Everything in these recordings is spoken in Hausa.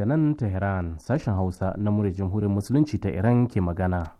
daga nan Iran, sashen Hausa na murya Jamhuriyar Musulunci ta Iran ke magana.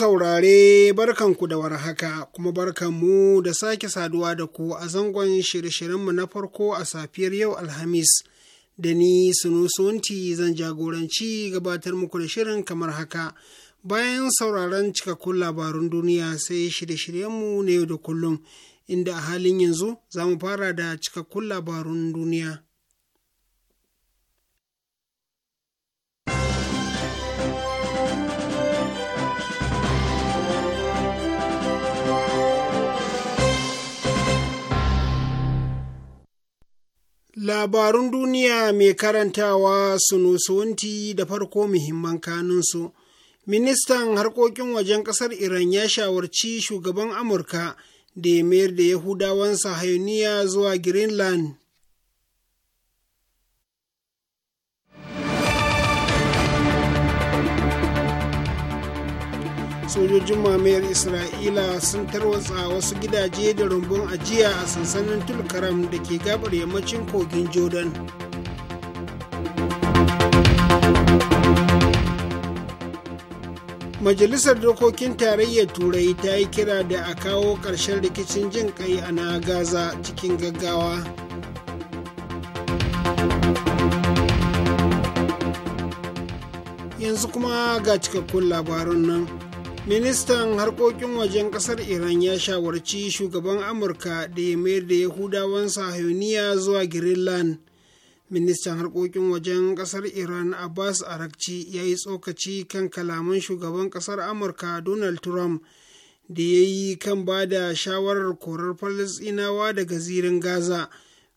saurare barkanku da warhaka kuma barkanmu da sake saduwa da ku a zangon shirye-shiryenmu na farko a safiyar yau Alhamis. Da ni Sunusunti zan jagoranci gabatar muku da shirin kamar haka. Bayan sauraron cikakkun labarun duniya sai shirye-shiryenmu na yau da kullum, inda a halin yanzu za mu fara da cikakkun labarun duniya. Labarun duniya mai karantawa sunusunti da farko muhimman kanunsu. Ministan harkokin wajen ƙasar Iran ya shawarci shugaban Amurka da ya mayar da Yahudawan sahayuniya zuwa Greenland. sojojin mamayar isra'ila sun tarwatsa wasu gidaje da rumbun ajiya a sansanin tulkaram da ke gabar yammacin kogin jordan majalisar dokokin tarayyar turai ta yi kira da a kawo ƙarshen rikicin jin kai a na gaza cikin gaggawa yanzu kuma ga cikakkun labarun nan ministan harkokin wajen kasar iran ya shawarci shugaban amurka da ya mayar da yahudawan sahiyoniya zuwa greenland ministan harkokin wajen kasar iran abbas arakci ya yi tsokaci kan kalaman shugaban kasar amurka donald trump da ya yi kan ba da shawarar korar falisinawa daga zirin gaza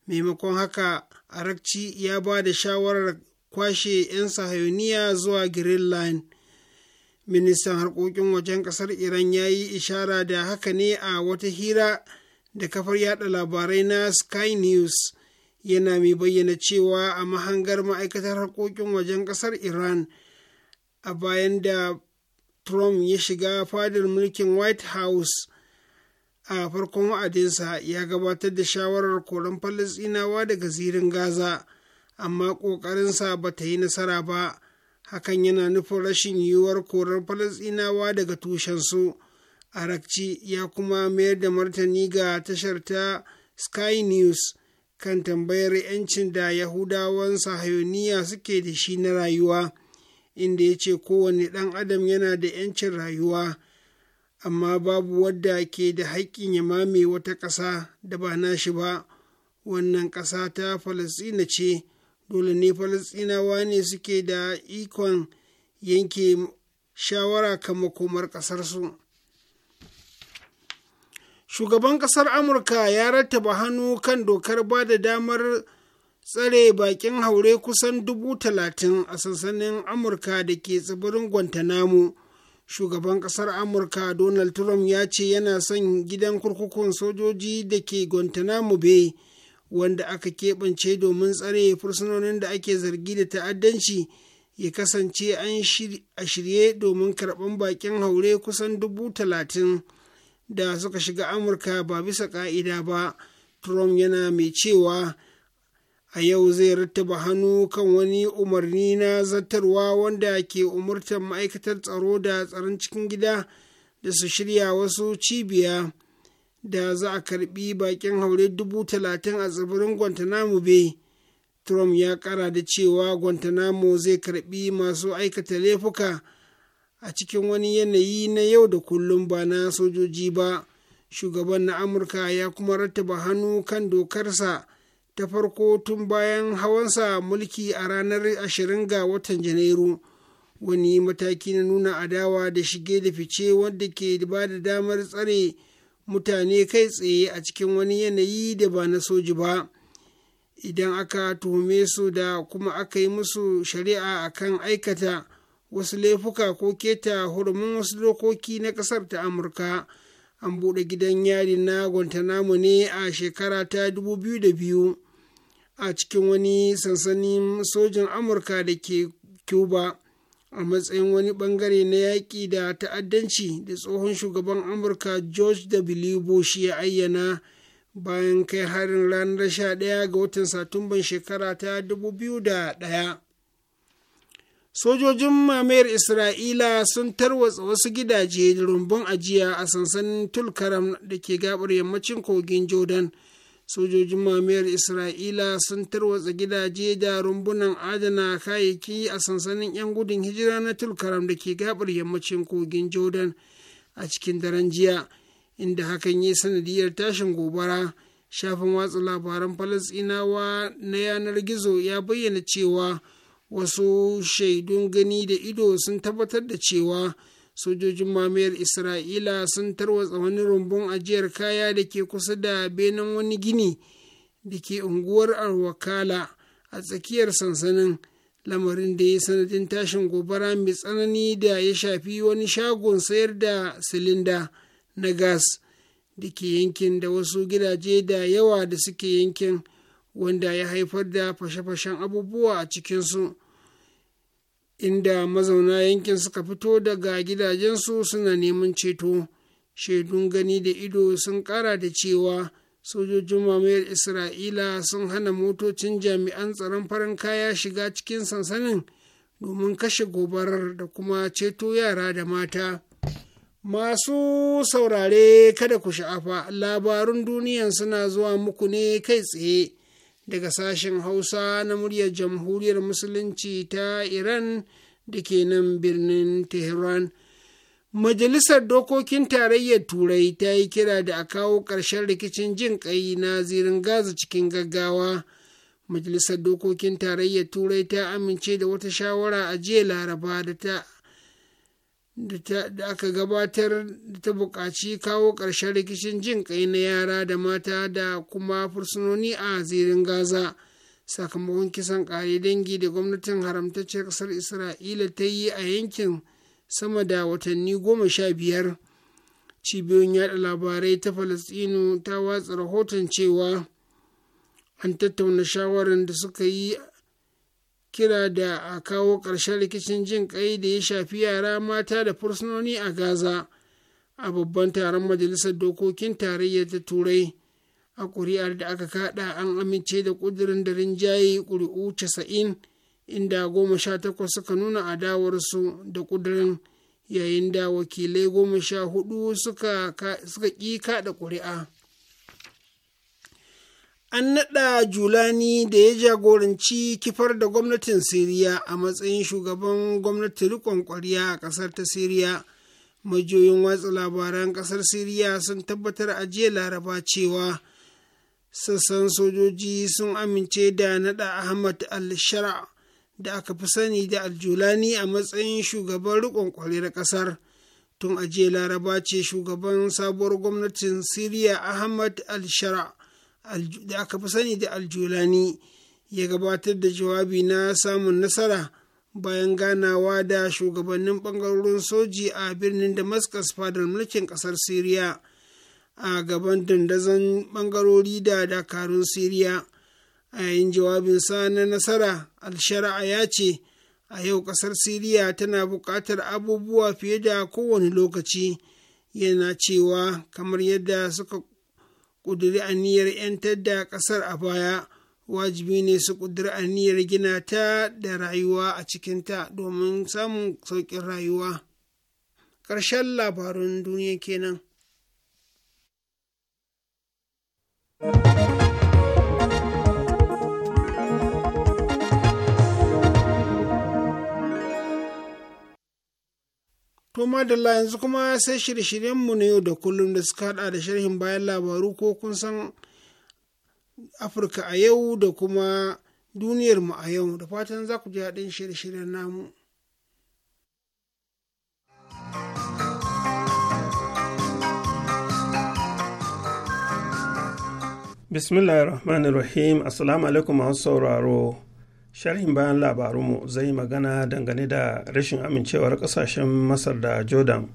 maimakon haka arakci ya ba da shawarar kwashe 'yan sahayoniya zuwa greenland ministan harkokin wajen kasar iran ya yi ishara da haka ne a wata hira da kafar yada labarai na sky news yana mai bayyana cewa a mahangar ma'aikatar harkokin wajen kasar iran a bayan da trump ya shiga fadar mulkin white house a farkon wa'adinsa ya gabatar da shawarar koran falasinawa daga zirin gaza amma ƙoƙarinsa ba ta yi nasara ba hakan yana nufin rashin yiwuwar korar falasinawa daga tushensu arakci ya kuma mayar da martani ga tashar ta sky news kan tambayar 'yancin da yahudawan sahayoniya suke da shi na rayuwa inda ya ce kowane ɗan adam yana da 'yancin rayuwa amma babu wadda ke da haƙƙin ya mame wata ƙasa da ba nashi ba wannan ƙasa ta falasina ce dole ne falasɗinawa ne suke da ikon yanke shawara ka makomar ƙasarsu shugaban ƙasar amurka ya rattaba hannu kan dokar ba da damar tsare bakin haure kusan dubu talatin a sansanin amurka da ke tsibirin guantanamo shugaban ƙasar amurka donald trump ya ce yana son gidan kurkukun sojoji da ke guantanamo bay wanda aka keɓance domin tsare fursunonin da ake zargi da ta'addanci ya kasance a shirye domin karɓan baƙin haure kusan dubu talatin da suka shiga amurka ba bisa ƙa'ida ba trump yana mai cewa a yau zai rattaba hannu kan wani umarni na zartarwa wanda ke umurtar ma'aikatar tsaro da tsaron cikin gida da su shirya wasu cibiya da za a karbi bakin haure dubu talatin a tsibirin guantanamo bay trump ya kara da cewa guantanamo zai karbi masu aikata laifuka a cikin wani yanayi na yau da kullum ba na sojoji ba shugaban na amurka ya kuma rattaba hannu kan dokarsa ta farko tun bayan hawansa mulki a ranar 20 ga watan janairu wani mataki na nuna adawa da shige da fice wanda ke ba da damar tsare mutane kai tsaye a cikin wani yanayi da ba na soji ba idan aka tuhume su da kuma aka yi musu shari'a akan aikata wasu laifuka ko keta hurumin wasu dokoki na ƙasar ta amurka an buɗe gidan yari na guantanamo ne a shekara ta 2002 a cikin wani sansanin sojin amurka da ke cuba a matsayin wani bangare na yaƙi da ta'addanci da tsohon shugaban amurka george w bush ya ayyana bayan kai harin ranar sha ɗaya ga watan satumban shekara ta da ɗaya. sojojin mamayar isra'ila sun tarwatsa wasu gidaje da rumbun ajiya a sansanin tulkaram da ke gabar yammacin kogin jordan sojojin mamayar isra'ila sun tarwatsa gidaje da rumbunan adana kayayyaki a sansanin 'yan gudun hijira na tulkaram da ke gabar yammacin kogin jordan a cikin daren jiya inda hakan yi sanadiyar tashin gobara shafin watsa labaran falasinawa na yanar gizo ya bayyana cewa wasu shaidun gani da ido sun tabbatar da cewa sojojin mamayar isra'ila sun tarwatsa wani rumbun ajiyar kaya da ke kusa da benin wani gini da ke unguwar arwakala a tsakiyar sansanin lamarin da ya sanadin tashin gobara mai tsanani da ya shafi wani shagon sayar da silinda na gas da ke yankin da wasu gidaje da yawa da suke yankin wanda ya haifar da fashe-fashen abubuwa a cikinsu inda mazauna yankin suka fito daga gidajensu suna neman ceto shaidun gani da ido sun kara da cewa sojojin mamayar isra'ila sun hana motocin jami'an tsaron farin kaya shiga cikin sansanin domin kashe gobarar da kuma ceto yara da mata masu saurare kada ku sha'afa labarun duniyan suna zuwa muku ne kai tsaye daga sashen hausa na muryar jamhuriyar musulunci ta iran da ke nan birnin tehran majalisar dokokin tarayyar turai ta yi kira da a kawo ƙarshen rikicin jin ƙai na zirin gaza cikin gaggawa majalisar dokokin tarayyar turai ta amince da wata shawara a jiya laraba da ta da aka gabatar da ta buƙaci kawo ƙarshen rikicin jin ƙai na yara da mata da kuma fursunoni a zirin gaza sakamakon kisan ƙare dangi da gwamnatin haramtacciyar ƙasar isra'ila ta yi a yankin sama da watanni goma sha biyar cibiyoyin yada labarai ta falastinu ta watsa rahoton cewa an tattauna shawarar da suka yi kira da a kawo ƙarshen rikicin jin ƙai da ya shafi yara mata da fursunoni a gaza a babban taron majalisar dokokin tarayyar ta turai a ƙuri'ar da aka kaɗa an amince da ƙudurin da rinjaye ƙuri'u casa'in inda goma sha takwas suka nuna adawarsu da ƙudurin yayin da wakilai goma sha hudu suka ƙi kaɗa ƙuri'a an naɗa julani da ya jagoranci kifar da gwamnatin siriya a matsayin shugaban gwamnati rikon ƙwarya a ƙasar ta siriya majiyoyin watsa labaran ƙasar siriya sun tabbatar a jiya laraba cewa sassan sojoji sun amince da naɗa ahmad al-shara da aka fi sani da aljulani a matsayin shugaban rikon ƙwarya ƙasar tun a jiya laraba ce shugaban sabuwar gwamnatin siriya ahmad al-shara da aka fi sani da aljulani ya gabatar da jawabi na samun nasara bayan ganawa da shugabannin bangarorin soji a birnin damascus fadar mulkin kasar syria a gaban dandazon bangarori da dakarun syria a yayin jawabinsa na nasara alshara'a ya ce a yau kasar syria tana buƙatar abubuwa fiye da kowane lokaci yana cewa kamar yadda suka Ƙuduri aniyar 'yantar da ƙasar a baya wajibi ne su ƙuduri aniyar gina ta da rayuwa a cikin ta domin samun sauƙin rayuwa ƙarshen labarun duniya kenan. To madalla yanzu kuma sai shirye-shiryenmu na yau da kullum da suka hada da sharhin bayan labaru ko kun san Afirka a yau da kuma duniyarmu a yau da fatan za ku ji haɗin shirye-shiryen namu. Bismillahirrahmanirrahim Assalamu alaikum masu sauraro. sharhin bayan labarunmu zai magana dangane da rashin amincewar kasashen masar da jordan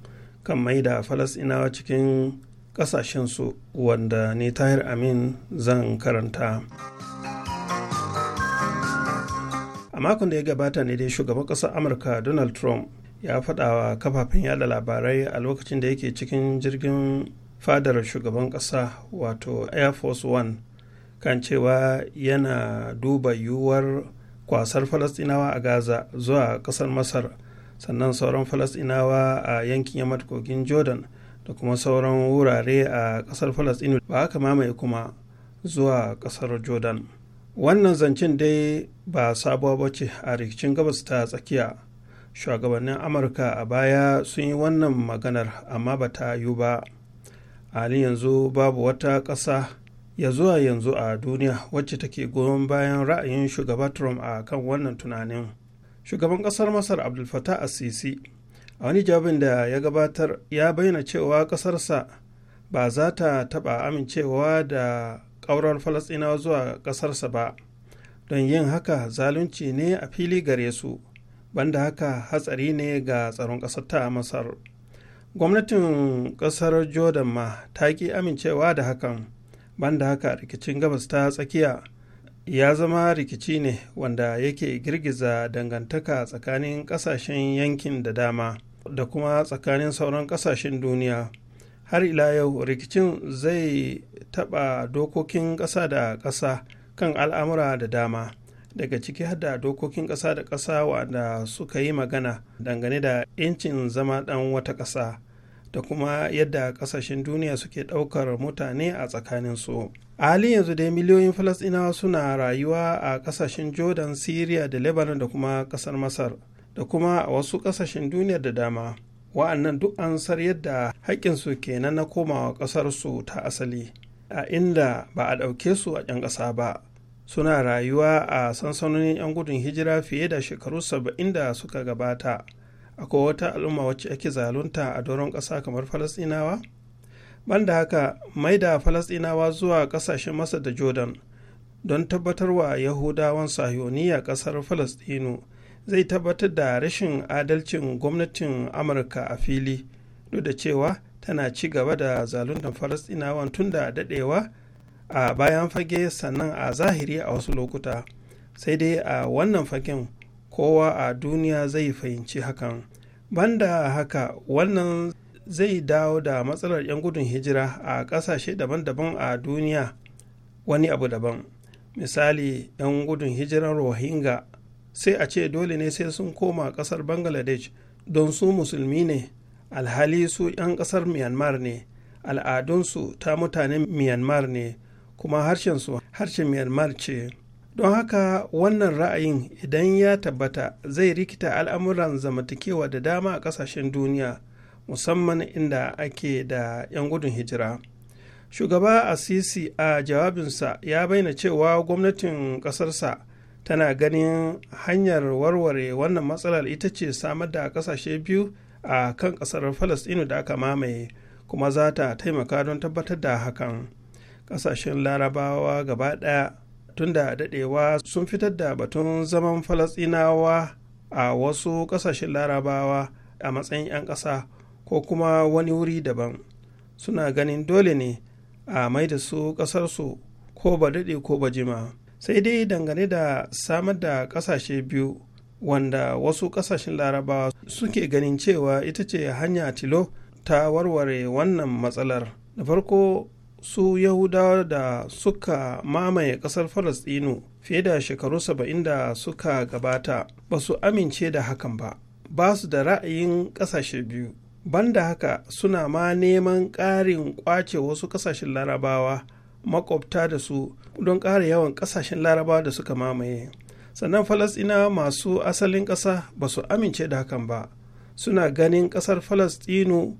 kan mai da falasinawa cikin kasashensu wanda ne tahir amin zan karanta a makon da ya gabata ne dai shugaban ƙasar amurka donald trump ya faɗa wa kafafen yada labarai a lokacin da yake cikin jirgin fadar shugaban ƙasa wato air force one kan cewa yana duba yiwuwar kwasar falasɗinawa a gaza zuwa ƙasar masar sannan sauran falasɗinawa a yankin yamma kogin jordan da kuma sauran wurare a ƙasar falasɗinu ba haka mamaye kuma zuwa ƙasar jordan wannan zancen dai ba sabuwa ba ce a rikicin gabas ta tsakiya shugabannin amurka a baya sun yi wannan maganar amma ba ta yiwu ba halin yanzu babu wata ƙasa ya zuwa yanzu a duniya wacce take goyon bayan ra'ayin shugaba trump a kan wannan tunanin shugaban kasar masar abdul Asisi, a wani jawabin da ya gabatar ya bayyana cewa kasarsa ba za ta taɓa amincewa da ƙaurar falasɗinawa zuwa ƙasarsa ba don yin haka zalunci ne a fili gare su banda haka hatsari ne ga tsaron kasar ta masar gwamnatin ƙasar jordan ma ta ƙi amincewa da hakan banda haka rikicin gabas ta tsakiya ya zama rikici ne wanda yake girgiza dangantaka tsakanin kasashen yankin da dama da kuma tsakanin sauran kasashen duniya har ila yau rikicin zai taɓa dokokin ƙasa da ƙasa kan al'amura da dama daga ciki hada dokokin ƙasa da ƙasa wanda suka yi magana dangane da 'yancin zama ɗan wata ƙasa da kuma yadda kasashen duniya suke ɗaukar mutane a tsakaninsu a halin yanzu dai miliyoyin falasɗinawa suna rayuwa a kasashen jordan syria da lebanon da kuma ƙasar masar da kuma a wasu ƙasashen duniya da dama wa'annan duk an sar yadda haƙƙinsu kenan na komawa ƙasarsu ta asali a inda ba a ɗauke su a ƴan ƙasa ba suna rayuwa a sansanonin 'yan gudun hijira fiye da shekaru saba'in da suka gabata akwai wata al'umma wacce ake zalunta a doron ƙasa kamar falasɗinawa banda haka mai da falasɗinawa zuwa ƙasashen masa da jordan don tabbatar wa yahudawan sahiyoniya ƙasar falasɗinu zai tabbatar da rashin adalcin gwamnatin amurka a fili duk da cewa tana ci gaba da zaluntar falasɗinawan tun da daɗewa a bayan fage sannan a zahiri a wasu lokuta sai dai a wannan fagen kowa a duniya zai fahimci hakan banda haka wannan zai dawo da matsalar 'yan gudun hijira a ƙasashe daban-daban a duniya wani abu daban misali 'yan gudun hijiran rohingya sai a ce dole ne sai sun koma ƙasar bangladesh don su musulmi ne alhali su 'yan ƙasar myanmar ne al'adunsu ta mutanen myanmar ne kuma harshen harshensu harshen myanmar ce don haka wannan ra'ayin idan ya tabbata zai rikita al'amuran zamantakewa da dama a kasashen duniya musamman inda ake da 'yan gudun hijira shugaba asisi a jawabinsa ya bayyana cewa gwamnatin ƙasarsa tana ganin hanyar warware wannan matsalar ita ce samar da ƙasashe biyu a kan ƙasar falastinu da aka mamaye kuma za ta taimaka don tabbatar da hakan ƙasashen larabawa gaba ɗaya tun da daɗewa sun fitar da batun zaman falasɗinawa a wasu ƙasashen larabawa a matsayin 'yan ƙasa ko kuma wani wuri daban suna ganin dole ne a mai da su ƙasarsu ko ba daɗe ko ba jima sai dai dangane da samar da ƙasashe biyu wanda wasu ƙasashen larabawa suke ganin cewa ita ce hanya tilo ta warware wannan matsalar da farko su yahudawa da suka mamaye ƙasar Falasɗinu fiye da shekaru saba'in da suka gabata ba su amince da hakan ba ba su da ra'ayin ƙasashe biyu banda haka suna ma neman ƙarin ƙwace wasu ƙasashen larabawa makwabta da su don ƙara yawan ƙasashen larabawa da suka mamaye sannan falasɗina masu asalin ƙasa ba su amince da hakan ba suna ganin ƙasar falasɗinu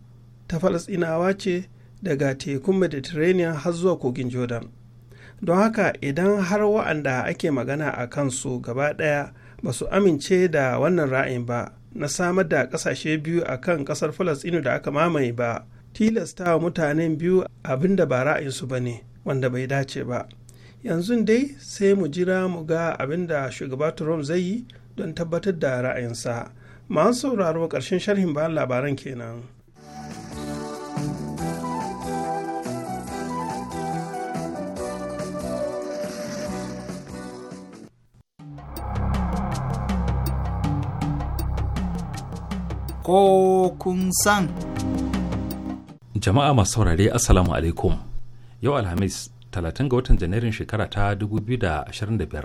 ta falasɗinawa ce daga tekun mediterranean har zuwa kogin jordan don haka idan har wa'anda ake magana a kansu gaba ɗaya ba su amince da wannan ra'ayin ba na samar da ƙasashe biyu a kan ƙasar falastinu da aka mamaye ba tilasta wa mutanen biyu abinda ba ra'ayinsu ba ne wanda bai dace ba yanzu dai sai mu jira mu ga abin da shugaba trump zai yi don tabbatar da ra'ayinsa masu sauraro ƙarshen sharhin bayan labaran kenan. ko kun san. Jama'a masu saurare Assalamu alaikum. Yau Alhamis, 30 ga watan Janairun shekara ta 2025,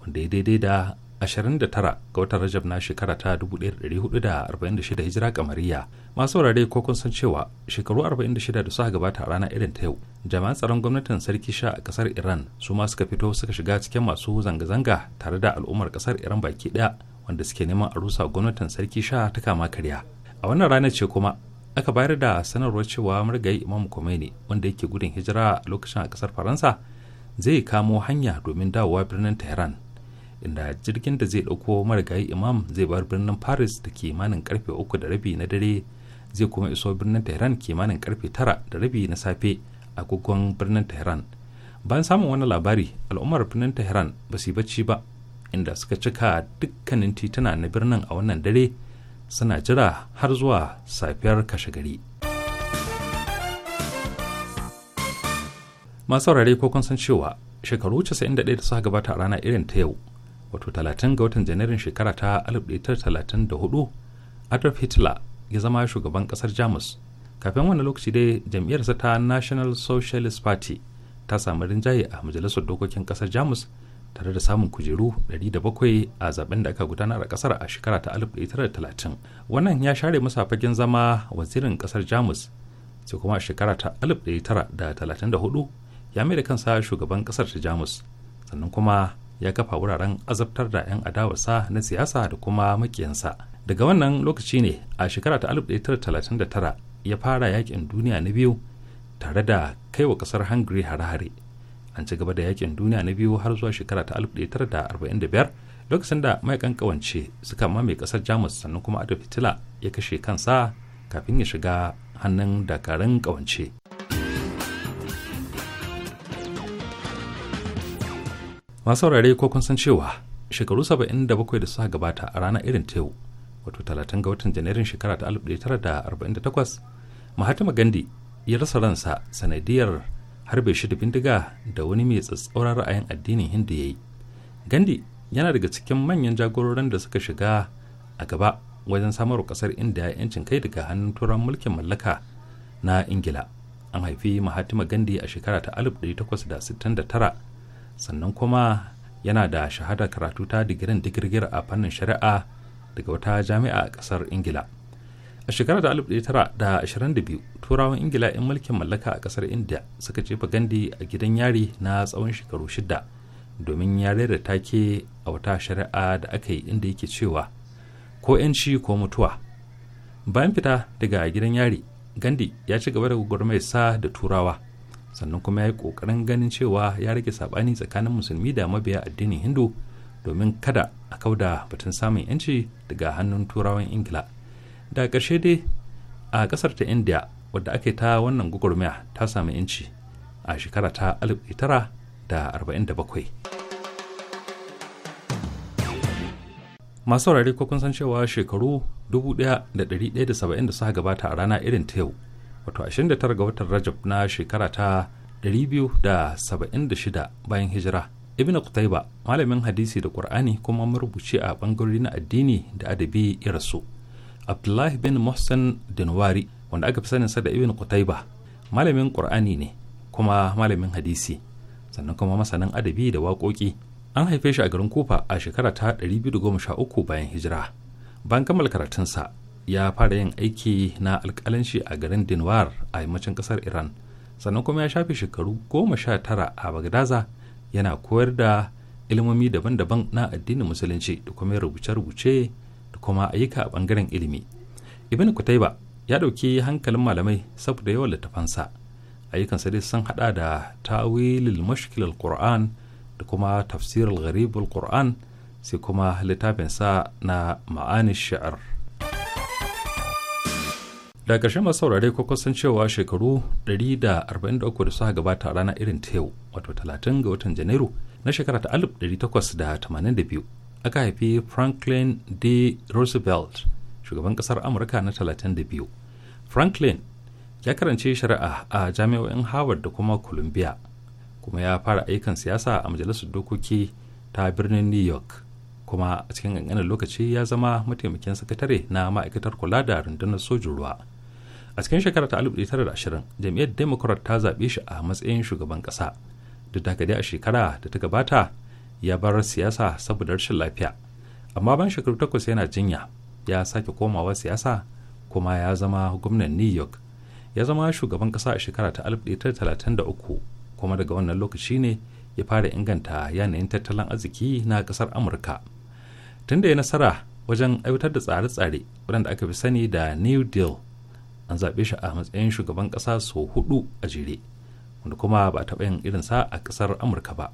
wanda ya daidai da 29 ga watan Rajab na shekara ta 1446 Hijira kamariya. Masu saurare ko kun san cewa shekaru 46 da suka gabata a rana irin ta yau, jama'an tsaron gwamnatin sarki sha a kasar Iran su ma suka fito suka shiga cikin masu zanga-zanga tare da al'ummar kasar Iran baki daya. wanda suke neman a rusa gwamnatin sarki sha ta kama karya a wannan rana ce kuma aka bayar da sanarwar cewa marigayi imam Khomeini wanda yake gudun hijira a lokacin a kasar faransa zai kamo hanya domin dawowa birnin tehran inda jirgin da zai ɗauko marigayi imam zai bar birnin paris da kimanin karfe uku da rabi na dare zai kuma iso birnin tehran kimanin karfe tara da rabi na safe a birnin tehran bayan samun wani labari al'ummar birnin tehran ba su yi bacci ba inda suka cika dukkanin tituna na birnin a wannan dare suna jira har zuwa safiyar kashe gari masu saurare ko kun san cewa shekaru 91 da suka gabata a rana irin ta yau wato 30 ga watan janairun shekara ta 1934 adolf hitler ya zama shugaban kasar jamus kafin wannan lokaci dai jam'iyyarsa ta national socialist party ta samu rinjaye a majalisar dokokin kasar jamus tare da samun kujeru 700 a zaben da aka gudanar a kasar a shekara ta 1930 wannan ya share masa fagen zama wazirin kasar jamus sai kuma a shekara ta 1934 ya mai da kansa shugaban kasar ta jamus sannan kuma ya kafa wuraren azabtar da 'yan adawarsa na siyasa da kuma makiyansa daga wannan lokaci ne a shekara ta 1939 ya fara yakin duniya na biyu tare da kaiwa kasar hungary hare-hare an ci gaba da yakin duniya na biyu har zuwa shekara ta 1945 lokacin da mayakan kawance suka mame kasar jamus sannan kuma adolf hitler ya kashe kansa kafin ya shiga hannun dakarun kawance masu saurare ko kun san cewa shekaru 77 da suka gabata a ranar irin tewu wato 30 ga watan janairun shekara ta 1948 mahatma gandhi ya rasa ransa sanadiyar harbe shi da bindiga da wani mai tsatsauran ra'ayin addinin hindu ya yi gandhi yana daga cikin manyan jagororin da suka shiga a gaba wajen samarwa kasar india yancin kai daga hannun turan mulkin mallaka na ingila an haifi mahatima gandi a shekara ta 1869 sannan kuma yana da shahada karatu ta digirin digirgir a fannin shari'a daga wata jami'a a kasar ingila a shekarar da 1922 turawan ingila 'yan mulkin mallaka a kasar india suka jefa gandi a gidan yari na tsawon shekaru shida domin yare da take a wata shari'a da aka yi inda yake cewa ko 'yanci ko mutuwa bayan fita daga gidan yari gandi ya ci gaba da sa da turawa sannan kuma ya yi kokarin ganin cewa ya rage saɓani tsakanin musulmi da mabiya addinin hindu domin kada a kauda batun samun 'yanci daga hannun turawan ingila da ƙarshe dai a ƙasar ta india wadda ake ta wannan gugurmiya ta sami inci a shekara ta 1947 masu rari ko kun san cewa shekaru 1170 da suka gabata a rana irin ta yau wato 29 ga watan rajab na shekara ta 276 bayan hijira ibn kutaiba malamin hadisi da qur'ani kuma marubuci a bangarori na addini da adabi ya rasu abdullahi bin Mohsen dinwari wanda aka fi sa da ibn qutaiba malamin qur'ani ne kuma malamin hadisi sannan kuma masanin adabi da waƙoƙi an haife shi a garin kufa a shekara ta 213 bayan hijira bayan kammal sa ya fara yin aiki na alƙalanci a garin dinwar a yammacin ƙasar iran sannan kuma ya shafe shekaru goma sha tara a bagdaza yana koyar da ilmomi daban-daban na addinin musulunci da kuma rubuce-rubuce da kuma ayyuka a bangaren ilimi ibn kutaiba ya ɗauki hankalin malamai saboda yawan littafansa ayyukansa dai sun hada da tawilil mashkilal qur'an da kuma tafsirar gharibul qur'an sai kuma littafinsa na ma'ani sha'ar da ƙarshen masu saurare ko kusan cewa shekaru 143 da suka gabata a rana irin ta yau wato 30 ga watan janairu na shekara ta 1882 aka haifi franklin d roosevelt shugaban kasar amurka na 32 franklin ya karance shari'a a jami'o'in harvard da kuma columbia kuma ya fara ayyukan siyasa a majalisar dokoki ta birnin new york kuma a cikin ƙanƙanin lokaci ya zama mataimakin sakatare na ma'aikatar kula da rundunar sojin ruwa a cikin shekarar ta tara 1920 jam'iyyar democrat ta zaɓe shi a matsayin shugaban ƙasa duk da a shekara da ta gabata ya bar siyasa saboda rashin lafiya amma ban shekaru takwas yana jinya ya sake komawa siyasa kuma ya zama gwamnan new york ya zama shugaban kasa a shekara ta 1933 kuma daga wannan lokaci ne ya fara inganta yanayin tattalin arziki na kasar amurka tunda ya nasara wajen aiwatar da tsare-tsare waɗanda aka fi sani da new deal an zaɓe shi a matsayin shugaban ƙasa sau hudu a jere wanda kuma ba taɓa yin irinsa a ƙasar amurka ba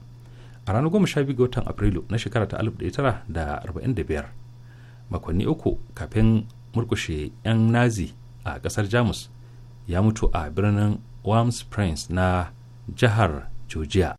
a ranar goma sha biyu ga watan afrilu na shekara ta 1945 makonni uku kafin murkushe 'yan nazi a kasar jamus ya mutu a birnin worms prince na jihar georgia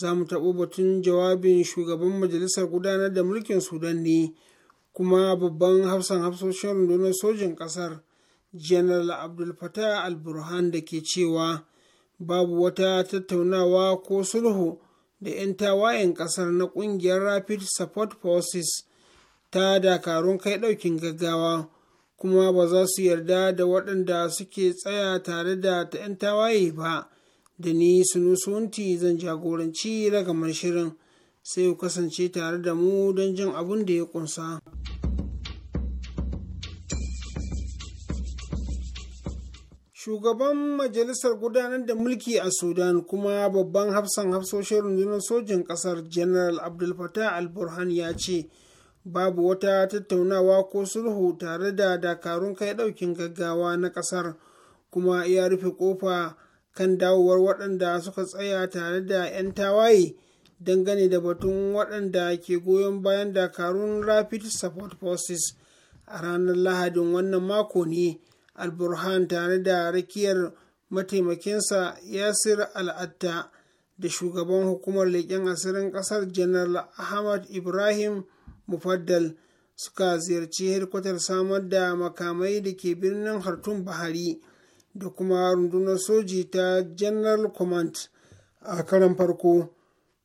za mu taɓo batun jawabin shugaban majalisar gudanar da mulkin sudan ne kuma babban hafsan hafsoshin rundunar sojin ƙasar general abdul fatah al-burhan da ke cewa babu wata tattaunawa ko sulhu da 'yan tawayen ƙasar na ƙungiyar rapid support forces ta dakarun kai ɗaukin gaggawa kuma ba za su yarda da waɗanda suke tsaya tare da 'yan tawaye ba. da ni sunusunti zan jagoranci ragamar shirin sai ku kasance tare da mu don jin abin da ya kunsa. shugaban majalisar gudanar da mulki a sudan kuma babban hafsan hafsoshin rundunar sojin kasar general abdul fatah al-burhan ya ce babu wata tattaunawa ko sulhu tare da dakarun kai daukin gaggawa na kasar kuma ya rufe kofa kan dawowar waɗanda suka tsaya tare da 'yan tawaye dangane da batun waɗanda ke goyon bayan dakarun rapid support forces a ranar lahadin wannan mako ne alburhan tare da rakiyar mataimakinsa yasir al'atta da shugaban hukumar leƙen asirin ƙasar janar ahmad ibrahim mufaddal suka ziyarci hedkwatar samar da makamai da ke birnin hartun bahari da kuma rundunar soji ta general command a karan farko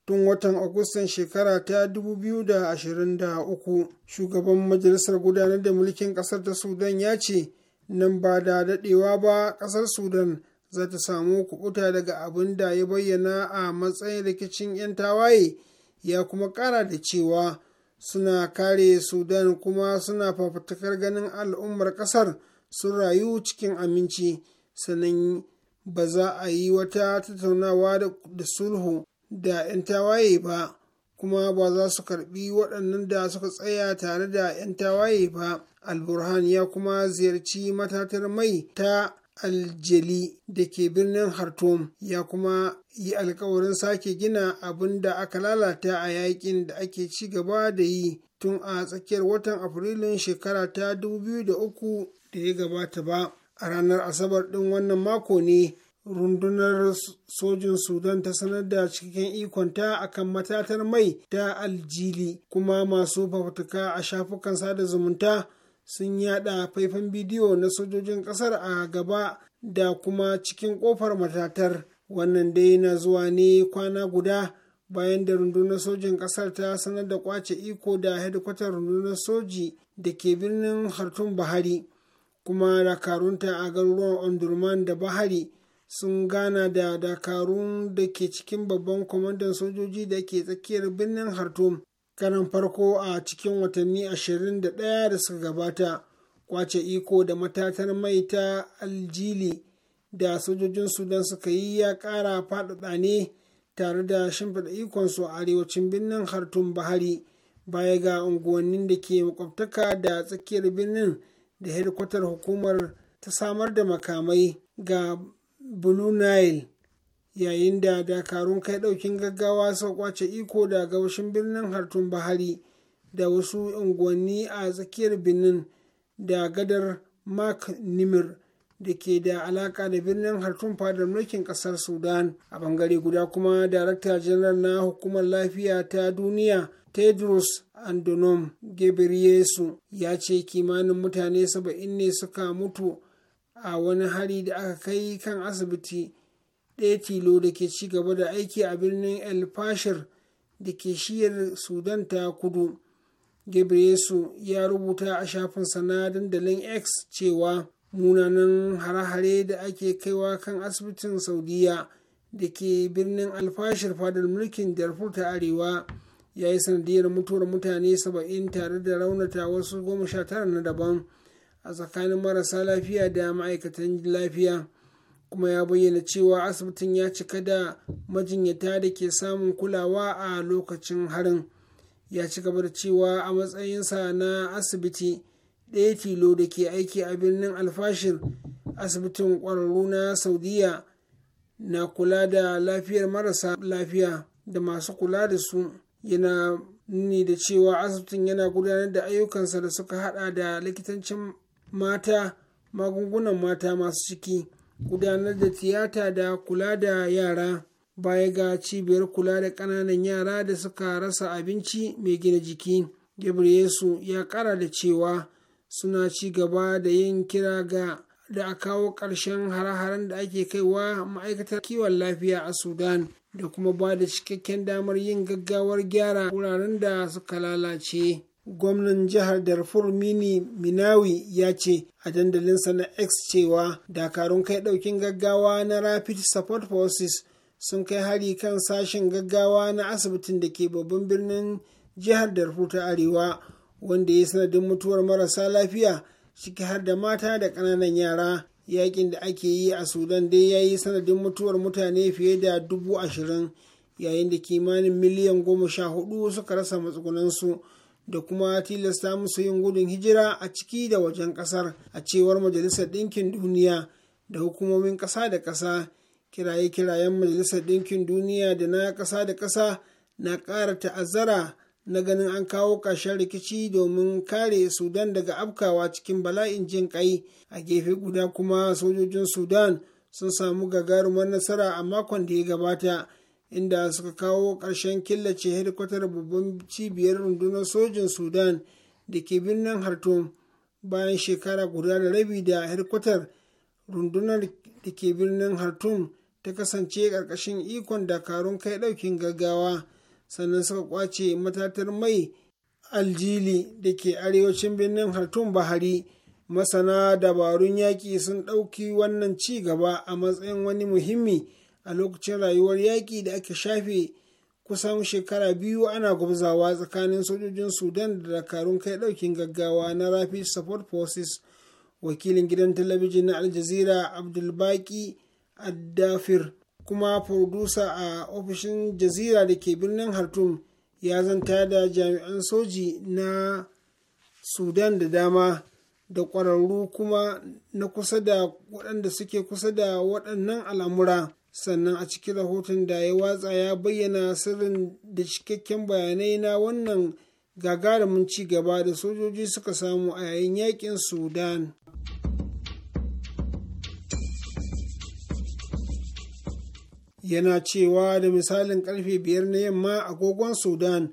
tun watan agustan shekara ta 2023 shugaban majalisar gudanar da mulkin kasar ta sudan ya ce nan ba da dadewa ba kasar sudan za ta samu kubuta daga abin da ya bayyana a matsayin rikicin 'yan tawaye ya kuma kara da cewa suna kare sudan kuma suna fafatakar ganin al'ummar kasar sun rayu cikin aminci sannan ba za a yi wata tattaunawa da sulhu da 'yan tawaye ba kuma ba za su karbi waɗannan da suka tsaya tare da 'yan tawaye ba alburhan ya kuma ziyarci matatar mai ta aljeli da ke birnin hartum ya kuma yi alkawarin sake gina abin da aka lalata a yakin da ake ci gaba da yi tun a tsakiyar watan afrilun shekara ta 2003 da ya gabata ba a ranar asabar ɗin wannan mako ne rundunar sojin sudan ta sanar da cikin ikonta akan matatar mai ta aljili kuma masu fafutuka a shafukan sada zumunta sun yada faifan bidiyo na sojojin ƙasar a gaba da kuma cikin ƙofar matatar wannan dai na zuwa ne kwana guda bayan da rundunar sojin ƙasar ta sanar da kwace iko da hedikwatar rundunar soji da ke birnin hartun bahari kuma dakarunta a garuruwan ondurman da bahari sun gana da dakarun da ke cikin babban kwamandan sojoji da ke tsakiyar birnin hartum karan farko a cikin watanni ashirin da da suka gabata kwace iko da matatar mai ta aljili da sojojin sudan suka yi ya kara faɗaɗa ne tare da shimfiɗa ikonsu a arewacin birnin hartum bahari baya ga unguwannin da ke makwabtaka da tsakiyar birnin da hedikwatar hukumar ta samar da makamai ga blue nile yayin da dakarun kai daukin gaggawa sau kwace iko da gabashin birnin hartun bahari da wasu unguwanni a tsakiyar benin da gadar mark nimir da ke da alaka da birnin hartun fadar mulkin kasar sudan a bangare guda kuma darakta janar na hukumar lafiya ta duniya tedros andonom gebreyesu ya ce kimanin mutane saba'in ne suka mutu a wani hari da aka kai kan asibiti ɗaya tilo da ke ci gaba da aiki a birnin el fashir da ke shiyar sudan ta kudu gebreyesu ya rubuta a shafin sanadin dandalin x cewa munanan hare-hare da ake kaiwa kan asibitin saudiya da ke birnin alfashir fadar mulkin darfur ta arewa ya yi sanadiyar mutuwar mutane saba'in tare da raunata wasu goma sha tara na daban a tsakanin marasa lafiya da ma'aikatan lafiya kuma ya bayyana cewa asibitin ya cika da majinyata da ke samun kulawa a lokacin harin ya ci gaba da cewa a matsayinsa na asibiti ɗaya tilo da ke aiki a birnin alfashir asibitin ƙwararru na saudiya na kula da lafiyar marasa lafiya da masu kula da su yana nuni da cewa asibitin yana gudanar da ayyukansa da suka hada da likitancin mata magungunan mata masu ciki gudanar da tiyata da kula da yara baya ga cibiyar kula da ƙananan yara da suka rasa abinci mai gina jiki yesu ya ƙara da cewa suna ci gaba da yin kira ga da a kawo ƙarshen hare-haren da ake kaiwa ma'aikatar kiwon lafiya a sudan da kuma ba da cikakken damar yin gaggawar gyara wuraren da suka lalace gwamnan jihar darfur mini minawi ya ce a dandalinsa na x cewa dakarun kai ɗaukin gaggawa na rapid support forces sun kai hari kan sashen gaggawa na asibitin da ke babban birnin jihar darfur ta arewa wanda ya sanadin mutuwar marasa lafiya ciki har da mata da ƙananan yara yakin da ake yi a sudan dai ya yi sanadin mutuwar mutane fiye da dubu ashirin yayin da kimanin miliyan goma sha hudu suka rasa matsugunansu da kuma tilasta musu yin gudun hijira a ciki da wajen kasar a cewar majalisar ɗinkin duniya da hukumomin ƙasa da ƙasa kiraye-kirayen majalisar ɗinkin duniya da na ƙasa da ƙasa na ƙara ta'azzara na ganin an kawo ƙarshen rikici domin kare sudan daga afkawa cikin bala'in jin kai a gefe guda kuma sojojin sudan sun samu gagarumar nasara a makon da ya gabata inda suka kawo ƙarshen killace hedikwatar babban cibiyar rundunar sojin sudan da ke birnin hartum bayan shekara guda da rabi da hedikwatar rundunar da ke birnin hartum ta kasance ƙarƙashin ikon dakarun kai ɗaukin gaggawa sannan suka kwace matatar mai aljili da ke arewacin birnin hartun bahari masana dabarun yaƙi sun ɗauki wannan ci gaba a matsayin wani muhimmi a lokacin rayuwar yaƙi da ake shafe kusan shekara biyu ana gwabzawa tsakanin sojojin sudan da dakarun kai ɗaukin gaggawa na rapid support forces wakilin gidan talabijin na aljazira abdulbaki addafir kuma furdusa a ofishin jazira da ke birnin hartum ya zanta da jami'an soji na sudan da dama da ƙwararru kuma na kusa da waɗanda suke kusa da waɗannan al'amura sannan a cikin rahoton da ya watsa ya bayyana sirrin da cikakken bayanai na wannan gagarumin ci gaba da sojoji suka samu a yayin yakin sudan yana cewa da misalin karfe biyar na yamma agogon sudan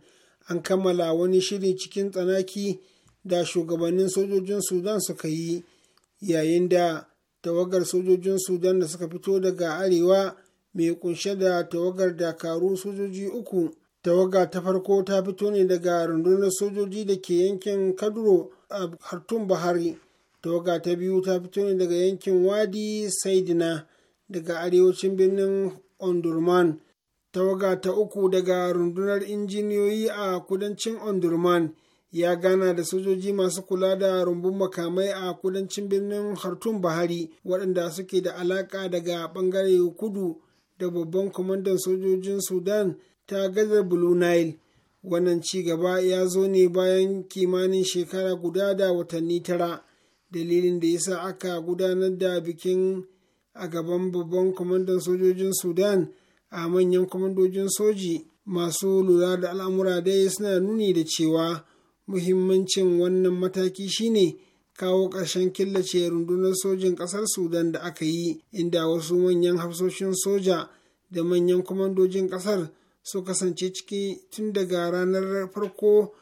an kammala wani shiri cikin tsanaki da shugabannin sojojin sudan suka yi yayin da tawagar sojojin sudan da suka fito daga arewa mai kunshe da tawagar dakaru sojoji uku tawaga ta farko ta fito ne daga rundunar sojoji da ke yankin kaduro a hartun bahari tawaga ta biyu ta fito ne daga yankin wadi saidina daga arewacin birnin ondurman tawaga ta uku daga rundunar injiniyoyi a kudancin ondurman ya gana da sojoji masu kula da rumbun makamai a kudancin birnin hartun bahari waɗanda suke da alaƙa daga ɓangare kudu da babban kwamandan sojojin sudan ta gadar blue nile wannan ci gaba ya zo ne bayan kimanin shekara guda da watanni tara dalilin da yasa aka gudanar da bikin a gaban babban kwamandan sojojin sudan a manyan kwamandojin soji masu lura da al'amura dai suna nuni da cewa muhimmancin wannan mataki shine kawo ƙarshen killace rundunar sojin ƙasar sudan da aka yi inda wasu manyan hafsoshin soja da manyan kwamandojin ƙasar su kasance ciki tun daga ranar farko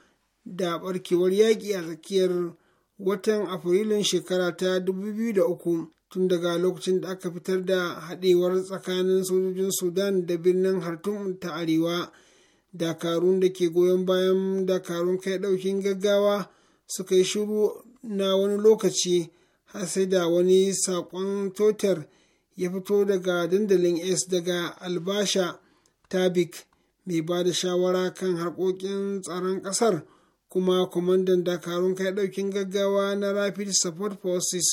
da barkewar yaƙi a tsakiyar watan afrilun shekara ta 2003 tun daga lokacin da aka fitar da haɗewar tsakanin sojojin sudan da birnin hartum ta arewa dakarun da ke goyon bayan dakarun kai ɗaukin gaggawa suka yi shiru na wani lokaci har sai da wani saƙon totar ya fito daga dandalin s daga albasha tabik mai ba da shawara kan harkokin tsaron ƙasar kuma kwamandan dakarun kai ɗaukin gaggawa na rapid support forces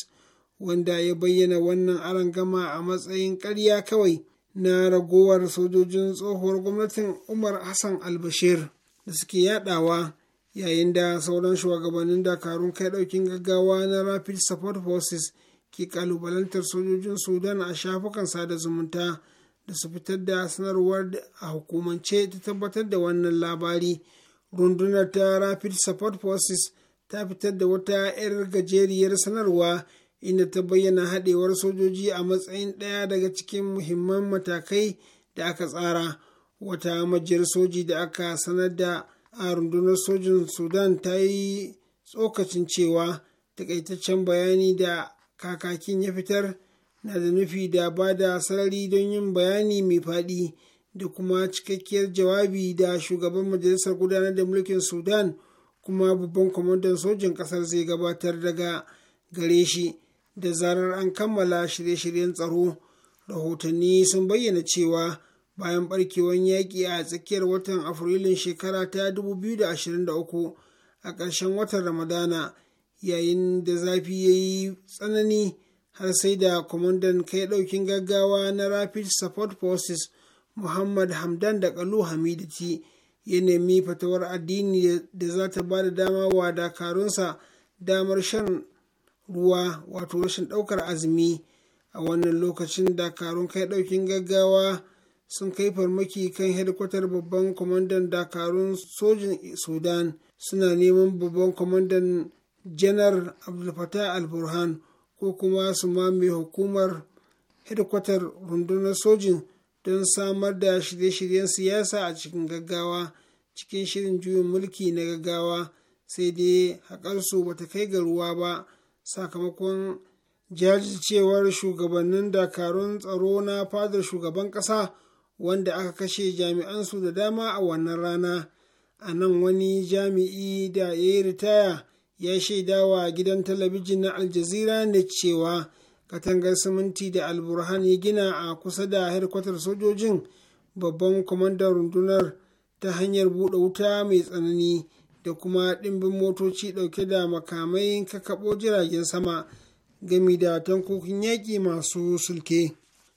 wanda ya bayyana wannan arangama a matsayin ƙarya kawai na ragowar sojojin tsohuwar gwamnatin umar hassan albashir da suke yadawa yayin da sauran shugabannin dakarun kai daukin gaggawa na rapid support forces ke kalubalantar sojojin sudan a shafukan sada zumunta da su fitar da sanarwar a hukumance ta tabbatar da wannan labari rundunar ta rapid support forces ta fitar da wata 'yar gajeriyar sanarwa inda ta bayyana haɗewar sojoji a matsayin ɗaya daga cikin muhimman matakai da aka tsara wata majiyar soji da aka sanar da a rundunar sojin sudan ta yi tsokacin cewa takaitaccen bayani da kakakin ya fitar na da nufi da ba da sarari don yin bayani mai faɗi da kuma cikakkiyar jawabi da shugaban majalisar gudanar da mulkin sudan kuma babban kwamandan sojin ƙasar zai gabatar daga gare shi da zarar an kammala shirye-shiryen tsaro rahotanni sun bayyana cewa bayan barkewar yaƙi a tsakiyar watan afrilun shekara ta 2023 a ƙarshen watan ramadana yayin da zafi ya yi tsanani har sai da kwamandan kai ɗaukin gaggawa na rapid support forces muhammad hamdan da kalu hamidati ya nemi fatawar addini da za ta ba da dama wa dakarunsa damar shan ruwa wato rashin ɗaukar azumi a wannan lokacin dakarun kai ɗaukin gaggawa sun kai farmaki kan hedikwatar babban kwamandan dakarun sojin sudan suna neman babban kwamandan janar abdulfatah alburhan ko kuma su mame hukumar hedikwatar rundunar sojin don samar da shirye-shiryen siyasa a cikin gaggawa cikin shirin juyin mulki na gaggawa sai dai haƙarsu bata kai ga ruwa ba sakamakon jajircewar shugabannin dakarun tsaro na fadar shugaban ƙasa wanda aka kashe jami'ansu da dama a wannan rana a nan wani jami'i da ya yi ritaya ya shaidawa gidan talabijin na aljazira ne cewa katangar siminti da alburhan ya gina a kusa da harkwatar sojojin babban kwamandan rundunar ta hanyar buɗe wuta mai tsanani da kuma ɗimbin motoci ɗauke da makamai kakaɓo jiragen sama gami da tankokin yaƙi masu sulke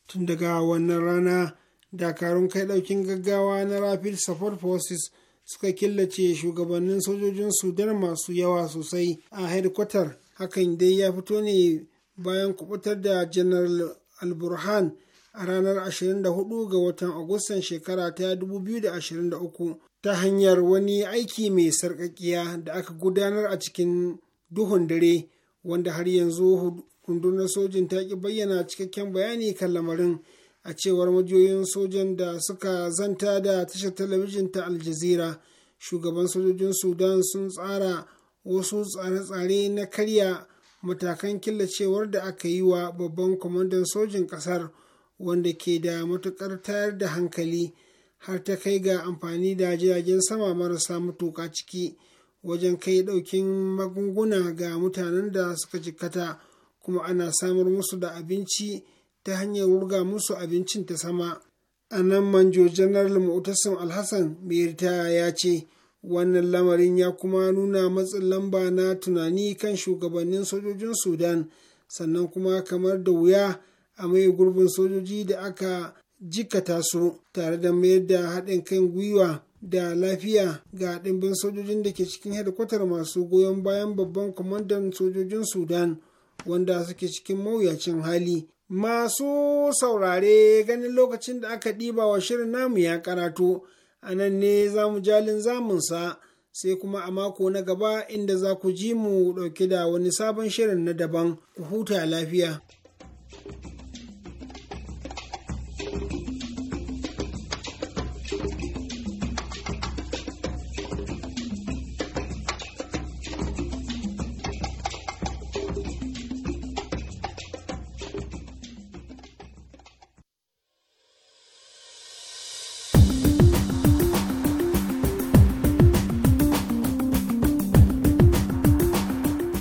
tun daga wannan rana dakarun kai ɗaukin gaggawa na rapid support forces suka killace shugabannin sojojin sudan masu yawa sosai a hedkwatar hakan dai ya fito ne bayan kubutar da general alburhan a ranar 24 ga watan agustan shekara ta 2023 ta hanyar wani aiki mai sarƙaƙiya da aka gudanar a cikin duhun dare wanda har yanzu rundunar sojin ta ƙi bayyana cikakken bayani kan lamarin a cewar majiyoyin sojan da suka zanta da tashar talabijin ta aljazira shugaban sojojin sudan sun tsara wasu tsare-tsare na karya matakan killacewar da aka yi wa babban kwamandan sojin ƙasar wanda ke da matuƙar tayar da hankali. har ta kai ga amfani da jiragen sama marasa matuka ciki wajen kai ɗaukin magunguna ga mutanen da suka jikkata kuma ana samar musu da abinci ta hanyar wurga musu abincin ta sama a nan manjo janar mutasin alhassan mai ritaya ya ce wannan lamarin ya kuma nuna matsin lamba na tunani kan shugabannin sojojin sudan sannan kuma kamar da wuya a mai gurbin sojoji da aka jikata su tare da mayar da haɗin kan gwiwa da lafiya ga ɗimbin sojojin da ke cikin hedkwatar masu goyon bayan babban kwamandan sojojin sudan wanda suke cikin mawuyacin hali masu saurare ganin lokacin da aka ɗiba wa shirin namu ya karatu a nan ne za mu jalin zamunsa sai kuma a mako na gaba inda za ku ji mu ɗauke da wani sabon shirin na daban ku huta lafiya.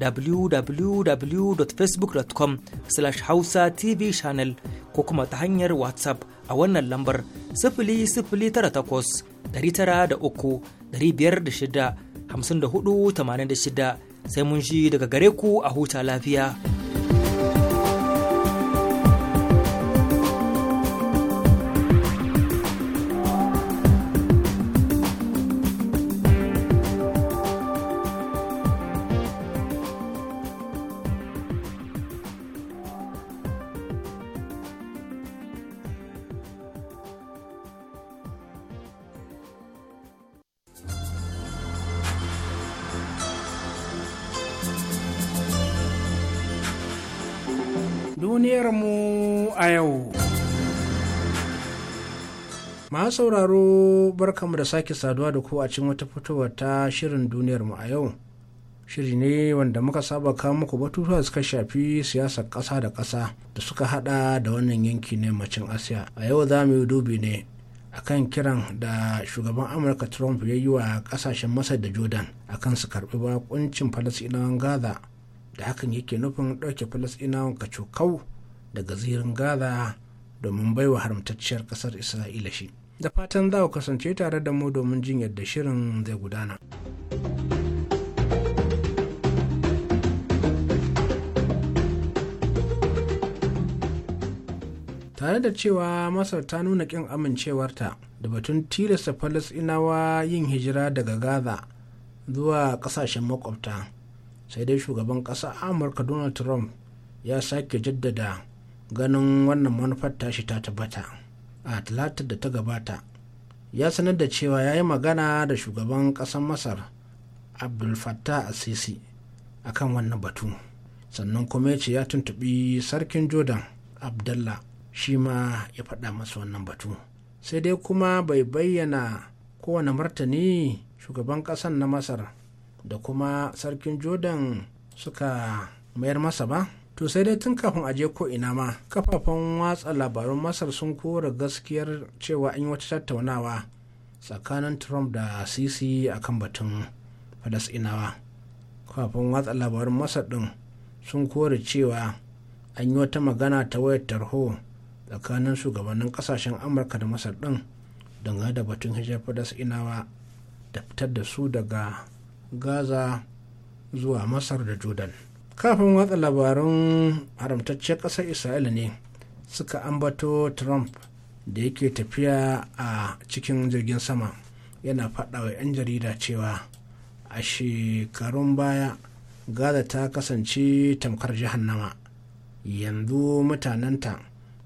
www.facebook.com slash hausa tv channel ko kuma ta hanyar whatsapp a wannan lambar da 00983 506 shida sai mun ji daga gare ku a huta lafiya. Ma sauraro barkamu da sake saduwa da ku a cikin wata fitowa ta shirin duniyar mu a yau. Shiri ne wanda muka saba kawo muku batutuwa suka shafi siyasar ƙasa da ƙasa da suka hada da wannan yanki ne macin Asiya. A yau za mu yi dubi ne akan kiran da shugaban Amurka Trump ya yi wa kasashen Masar da Jordan akan su karɓi bakuncin Falasinawan Gaza da hakan yake nufin ɗauke Falasinawan kacokau daga zirin Gaza domin baiwa haramtacciyar ƙasar Isra'ila shi. da fatan za ku kasance tare da mu domin jin yadda shirin zai gudana. tare da cewa masar ta nuna ƙin amincewarta da batun tilasta falasinawa yin hijira daga gaza zuwa kasashen makwabta sai dai shugaban ƙasa amurka donald trump ya sake jaddada ganin wannan manufar tashi ta tabbata. a talatar da ta gabata ya sanar da cewa ya yi magana da shugaban ƙasar masar abdul fattah asisi a kan wannan batu sannan kuma ya ce ya tuntuɓi sarkin jordan abdallah shi ma ya faɗa masa wannan batu sai dai kuma bai bayyana kowane martani shugaban ƙasar na masar da kuma sarkin jordan suka mayar masa ba to sai dai tun kafin aje ko ina ma kafafen watsa labarun masar sun kora gaskiyar cewa an yi wata tattaunawa tsakanin trump da sisi akan batun inawa kafafen watsa labarun masar din sun kore cewa an yi wata magana ta wayar tarho tsakanin shugabannin kasashen amurka da masar din dangane da batun hijar falasinawa da fitar da su daga gaza zuwa masar da jordan kafin watsa labarun haramtacciyar ƙasar isra'ila ne suka ambato trump da yake tafiya a cikin jirgin sama yana faɗawa 'yan jarida cewa a shekarun baya gaza ta kasance tamkar jahannama yanzu mutanenta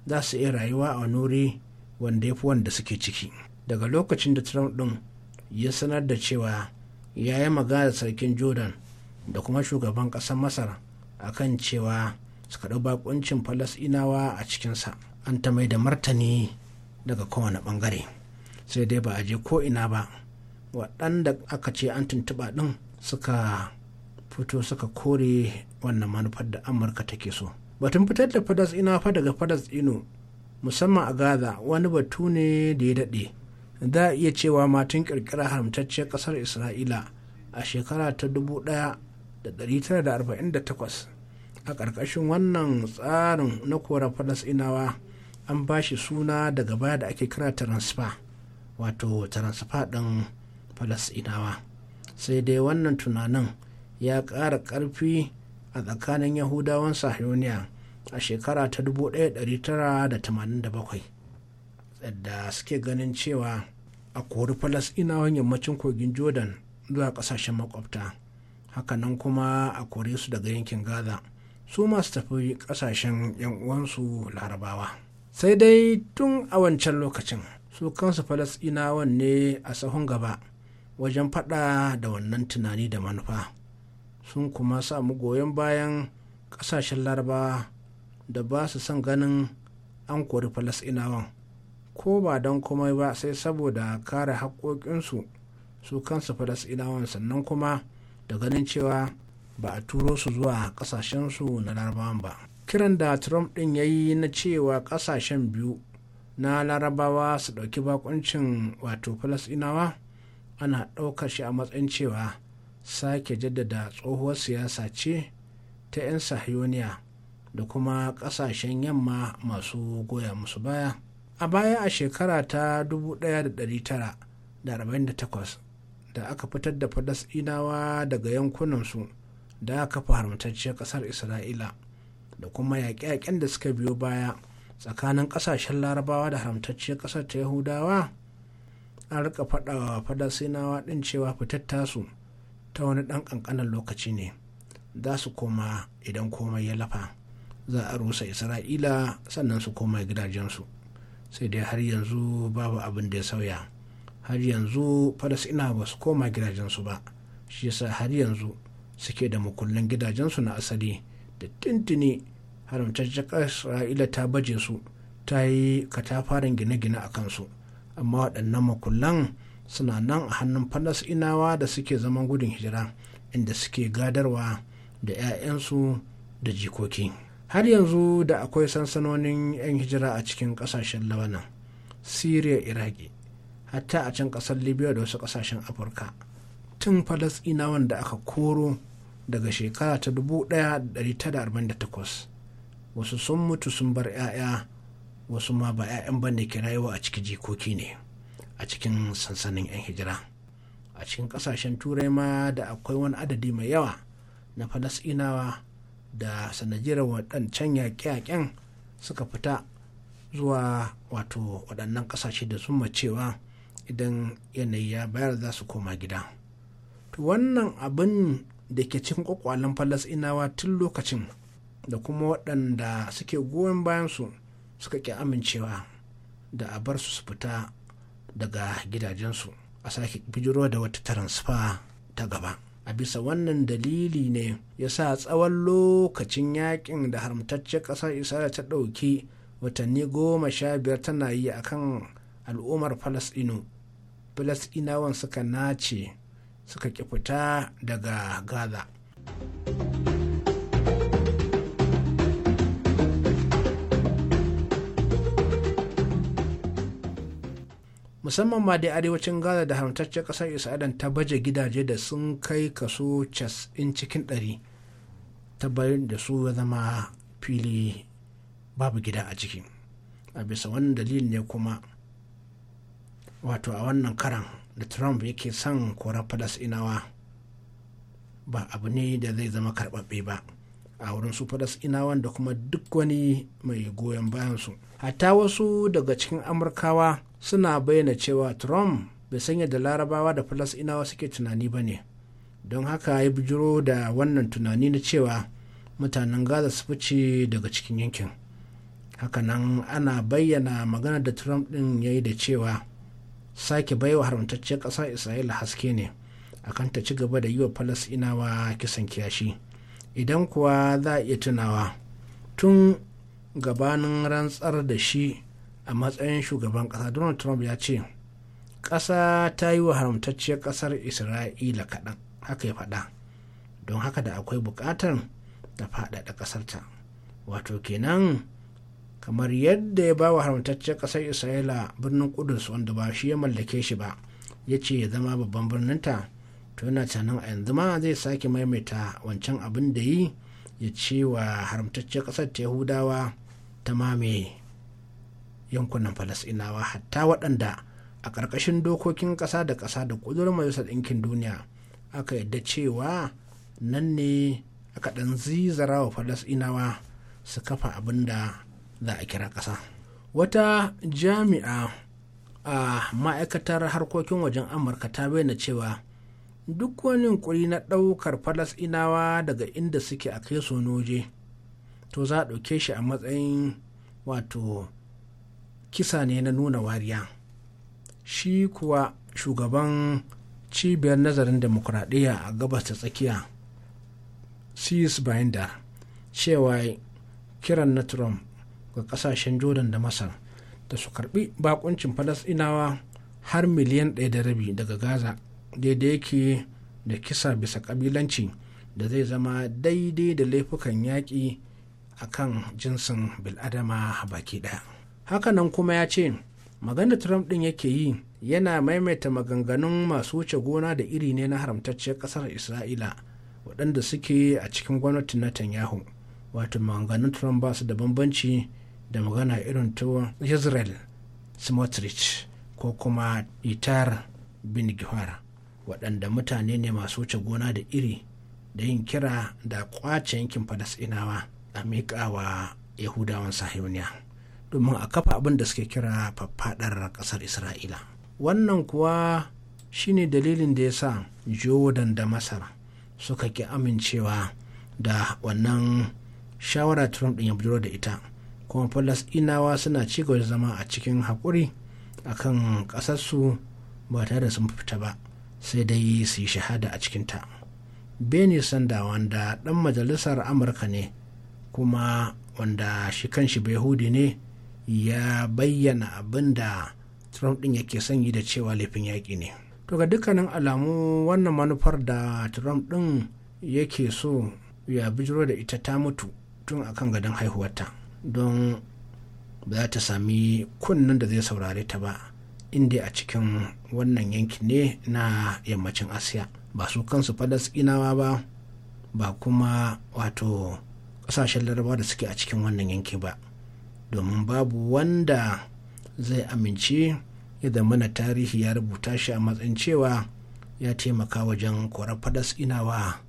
za su iya rayuwa a wani wanda ya fi wanda suke ciki daga lokacin da trump ɗin ya sanar da cewa ya yi magana sarkin jordan da kuma shugaban ƙasar masar a kan cewa suka ɗau bakuncin falasɗinawa a cikinsa an ta mai da martani daga kowane ɓangare sai dai ba a je ko ina ba waɗanda aka ce an tuntuɓa ɗin suka fito suka kore wannan manufar da amurka take so batun fitar da falasɗinawa fa daga falasɗinu musamman a gaza wani batu ne da ya daɗe za a iya cewa matun ƙirƙirar haramtacciyar ƙasar isra'ila a shekara ta dubu ɗaya 1948 a ƙarƙashin wannan tsarin na koren falasinawa an ba shi suna daga baya da ake kira transfer wato transfer ɗin falasinawa sai dai wannan tunanin ya ƙara ƙarfi a tsakanin yahudawan sahiyoniya a shekara ta 1987 da suke ganin cewa a kori falasinawan yammacin kogin jordan zuwa ƙasashen makwabta hakanan kuma a kore su daga yankin gaza su masu tafi kasashen yan uwansu larabawa sai dai tun a wancan lokacin su kansu falasɗinawan ne a sahun gaba wajen faɗa da wannan tunani da manufa sun kuma samu goyon bayan kasashen larabawa da ba su son ganin an kori falasinawan ko ba don komai ba sai saboda kare haƙoƙinsu su kansu falasinawan sannan kuma da ganin cewa ba a turo su zuwa kasashensu na larabawan ba kiran da trump din ya yi na cewa kasashen biyu na larabawa su ɗauki bakuncin wato falasinawa ana ɗaukar shi a matsayin cewa sake jaddada tsohuwar siyasa ce ta 'yan sahiyoniya da kuma ƙasashen yamma masu goya musu baya a baya a shekara ta 1948 da aka fitar da falasɗinawa daga yankunansu da aka fi haramtacciyar ƙasar isra'ila da kuma yaƙe-yaƙen da suka biyo baya tsakanin ƙasashen larabawa da haramtacciyar ƙasar ta yahudawa an rika faɗawa falasɗinawa ɗin cewa fitar tasu ta wani ɗan ƙanƙanin lokaci ne za su koma idan komai ya lafa za a rusa isra'ila sannan su koma gidajensu sai dai har yanzu babu abin da ya sauya. har yanzu falasina ba su koma gidajensu ba shi yasa har yanzu suke da mukullin gidajensu na asali da tintini haramtaccen isra'ila ta baje su ta yi katafarin gine-gine a kansu amma waɗannan makullan suna nan a hannun falasinawa da suke zaman gudun hijira inda suke gadarwa da 'ya'yansu da jikoki har yanzu da akwai sansanonin 'yan hijira a cikin ƙasashen lawanan siriya iraki hatta a can ƙasar libya da wasu kasashen afirka tun falasɗinawan da aka koro daga shekara ta 1948 wasu sun mutu sun bar 'ya'ya wasu ma ba 'ya'yan bane ke rayuwa a cikin jikoki ne a cikin sansanin 'yan hijira a cikin ƙasashen turai ma da akwai wani adadi mai yawa na falasɗinawa da sanajirar waɗancan yaƙe-yaƙen suka fita zuwa wato waɗannan ƙasashe da sun cewa idan yanayi ya bayar za su koma gida to wannan abin da ke cikin kwakwalen falasinawa tun lokacin da kuma waɗanda suke goyon bayansu suka ƙi amincewa da a bar su fita daga gidajensu a sake bijiro da wata taransifa ta gaba a bisa wannan dalili ne ya sa tsawon lokacin yakin da haramtaccen ƙasar isra'ila ta ɗauki watanni goma sha biyar tana yi akan al'ummar falasɗinu falasɗinawan suka nace suka ki fita daga gaza musamman ma da arewacin gaza da haramtaccen ƙasar isra'ila ta baje gidaje da sun kai kaso in cikin ɗari ta da su ya zama fili babu gida a ciki a bisa wannan dalilin ne kuma wato a wannan karan da trump yake son korar inawa ba abu ne da zai zama karbabbe ba a wurin su falas-inawa da kuma duk wani mai goyon bayansu hatta wasu daga cikin amurkawa suna bayyana cewa trump bai sanya da larabawa da falas-inawa suke tunani ba ne don haka ya bijiro da wannan tunani na cewa mutanen gaza su fice daga cikin yankin hakanan ana bayyana magana da trump din ya yi da cewa sake baiwa haramtacciyar ƙasar isra'ila haske ne akan ta ci gaba da yi wa falasinawa kisan kiyashi idan kuwa za a iya tunawa tun gabanin rantsar da shi a matsayin shugaban ƙasa donald trump ya ce ƙasa ta yi wa haramtacciyar ƙasar isra'ila kaɗan haka ya faɗa don haka da akwai buƙatar ta faɗaɗa ƙasarta wato kenan kamar yadda ya ba wa haramtaccen ƙasar isra'ila birnin kudus wanda ba shi ya mallake shi ba ya ce ya zama babban birninta to yana canan a yanzu ma zai sake maimaita wancan abin da yi ya ce wa haramtaccen ƙasar ta yahudawa ta mame yankunan falasinawa hatta waɗanda a ƙarƙashin dokokin ƙasa da ƙasa da ƙudurin majalisar ɗinkin duniya aka yadda cewa nan ne aka ɗan zizara wa falasinawa su kafa abin da za a kira ƙasa wata jami'a a ma'aikatar harkokin wajen amurka ta bayyana cewa duk wani kuri na ɗaukar falasɗinawa daga inda suke a kai noje to za a ɗauke shi a matsayin wato kisa ne na nuna wariya shi kuwa shugaban cibiyar nazarin demokuraɗiyya a gabas ta tsakiya cis binder cewa kiran na trump daga kasashen jordan da masar da su karbi bakuncin falasɗinawa har miliyan ɗaya da rabi daga gaza daidai yake da kisa bisa kabilanci da zai zama daidai da laifukan yaƙi a kan jinsin biladama baki ɗaya hakanan kuma ya ce magana trump ɗin yake yi yana maimaita maganganun masu wuce gona da iri ne na haramtacciyar ƙasar isra'ila waɗanda suke a cikin gwamnati na netanyahu wato maganganun trump ba su da bambanci da magana irin ta israel smotrich ko kuma itar bin gihar waɗanda mutane ne masu wuce gona da iri da yin kira da kwace yankin falasɗinawa a miƙawa yahudawan sahiyoniya domin a kafa abin da suke kira faffaɗar ƙasar isra'ila wannan kuwa shine dalilin da ya sa jordan da masar suka ki amincewa da wannan shawara trump ɗin ya da ita kuma falasɗinawa suna ci gaba da zama a cikin haƙuri a kan ƙasarsu ba tare da sun fita ba sai dai su yi shahada a cikinta beni sanda wanda ɗan majalisar amurka ne kuma wanda shi kanshi behudi ne ya bayyana abin da trump ɗin yake sanyi da cewa laifin yaƙi ne to ga dukkanin alamu wannan manufar da trump ɗin yake so ya bijiro da ita ta mutu tun akan gadon haihuwarta don ba za ta sami kunnen da zai saurare ta ba inda a cikin wannan yanki ne na yammacin asiya ba su kansu falasɗinawa ba ba kuma wato ƙasashen larabawa da suke a cikin wannan yanki ba domin babu wanda zai amince yadda mana tarihi ya rubuta shi a matsayin cewa ya taimaka wajen korar falasɗinawa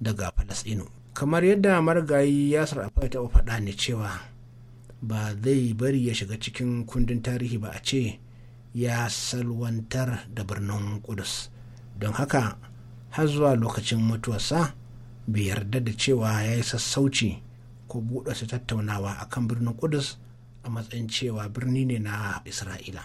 daga falasɗinu kamar yadda marigayi yasir ya taɓa faɗa ne cewa ba zai bari ya shiga cikin kundin tarihi ba a ce ya salwantar da birnin kudus don haka har zuwa lokacin mutuwarsa bai yarda da cewa ya yi sassauci ko buɗe su tattaunawa akan birnin kudus a matsayin cewa birni ne na isra'ila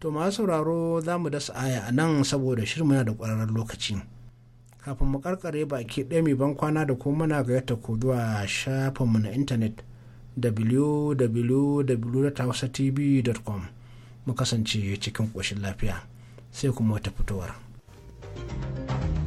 to masu sauraro za mu dasa aya a nan saboda shirin yana da ƙwararren lokaci kafin mu karkare baki ɗaya mai ban kwana da kuma muna gayyata ku zuwa shafinmu na intanet www.hausatv.com mu kasance cikin ƙoshin lafiya sai kuma wata fitowar. thank you